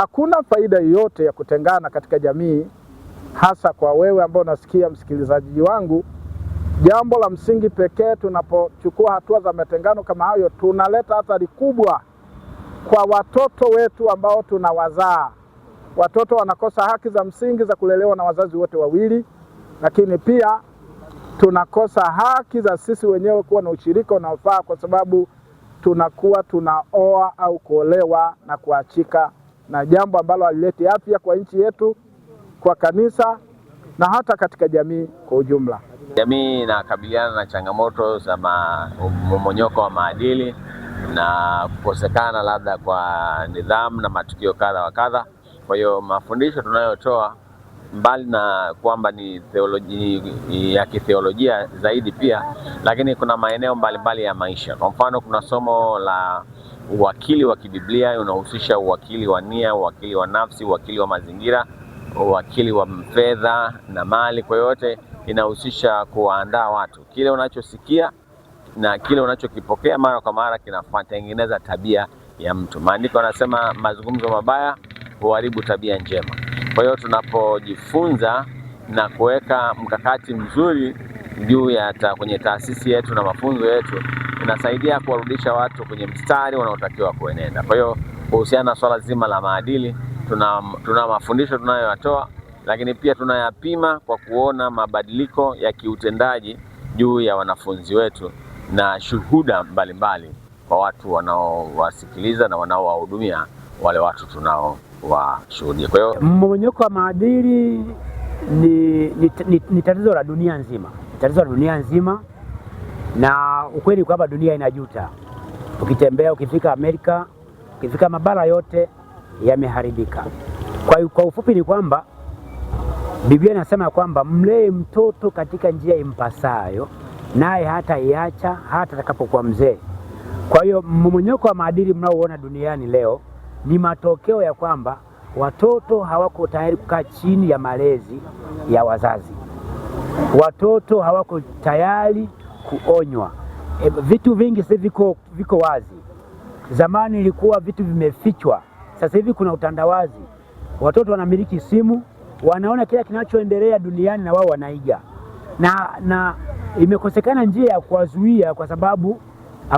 Hakuna faida yoyote ya kutengana katika jamii, hasa kwa wewe ambao unasikia, msikilizaji wangu. Jambo la msingi pekee, tunapochukua hatua za matengano kama hayo, tunaleta athari kubwa kwa watoto wetu ambao tunawazaa. Watoto wanakosa haki za msingi za kulelewa na wazazi wote wawili, lakini pia tunakosa haki za sisi wenyewe kuwa na ushirika unaofaa, kwa sababu tunakuwa tunaoa au kuolewa na kuachika na jambo ambalo alilete afya kwa nchi yetu, kwa kanisa na hata katika jamii kwa ujumla. Jamii inakabiliana na changamoto za mmomonyoko wa maadili na kukosekana labda kwa nidhamu na matukio kadha wa kadha. Kwa hiyo mafundisho tunayotoa mbali na kwamba ni theoloji, ya kitheolojia zaidi pia, lakini kuna maeneo mbalimbali mbali ya maisha. Kwa mfano, kuna somo la Uwakili wa kibiblia unahusisha uwakili wa nia, uwakili wa nafsi, uwakili wa mazingira, uwakili wa fedha na mali. Kwa yote inahusisha kuwaandaa watu, kile unachosikia na kile unachokipokea mara kwa mara kinatengeneza tabia ya mtu. Maandiko anasema mazungumzo mabaya huharibu tabia njema. Kwa hiyo tunapojifunza na kuweka mkakati mzuri juu ya kwenye taasisi yetu na mafunzo yetu inasaidia kuwarudisha watu kwenye mstari wanaotakiwa kuenenda. Kwa hiyo kuhusiana na swala zima la maadili, tuna, tuna mafundisho tunayoyatoa, lakini pia tunayapima kwa kuona mabadiliko ya kiutendaji juu ya wanafunzi wetu na shuhuda mbalimbali kwa watu wanaowasikiliza na wanaowahudumia wale watu tunaowashuhudia. Kwa hiyo mmomonyoko wa maadili ni, ni, ni, ni tatizo la dunia nzima, tatizo la dunia nzima na ukweli kwamba dunia inajuta. Ukitembea ukifika Amerika, ukifika mabara yote yameharibika. Kwa, kwa ufupi ni kwamba Biblia inasema kwamba mlee mtoto katika njia impasayo, naye hata iacha hata atakapokuwa mzee. Kwa hiyo mmomonyoko wa maadili mnaoona duniani leo ni matokeo ya kwamba watoto hawako tayari kukaa chini ya malezi ya wazazi. Watoto hawako tayari kuonywa. E, vitu vingi sasa viko, viko wazi. Zamani ilikuwa vitu vimefichwa, sasa hivi kuna utandawazi. Watoto wanamiliki simu, wanaona kila kinachoendelea duniani na wao wanaiga, na, na imekosekana njia ya kuwazuia kwa sababu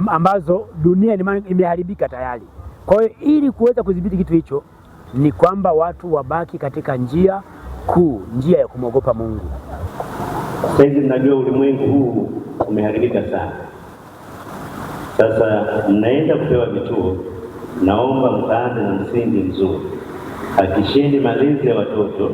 ambazo dunia imeharibika tayari. Kwa hiyo ili kuweza kudhibiti kitu hicho ni kwamba watu wabaki katika njia kuu, njia ya kumwogopa Mungu. Sasa hivi ulimwengu huu umeharibika sana. Sasa mnaenda kupewa vituo, naomba mkaanze na msingi mzuri. Hakisheni malezi ya watoto,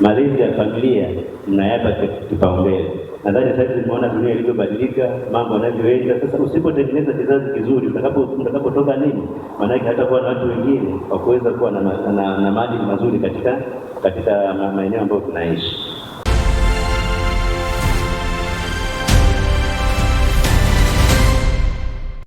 malezi ya familia mnayapa kipaumbele. Nadhani sasa tumeona dunia ilivyobadilika, mambo yanavyoenda sasa. Usipotengeneza kizazi kizuri, utakapotoka nini, maanake hata na watu wengine wa kuweza kuwa na, na, na, na maadili mazuri katika katika maeneo ambayo tunaishi.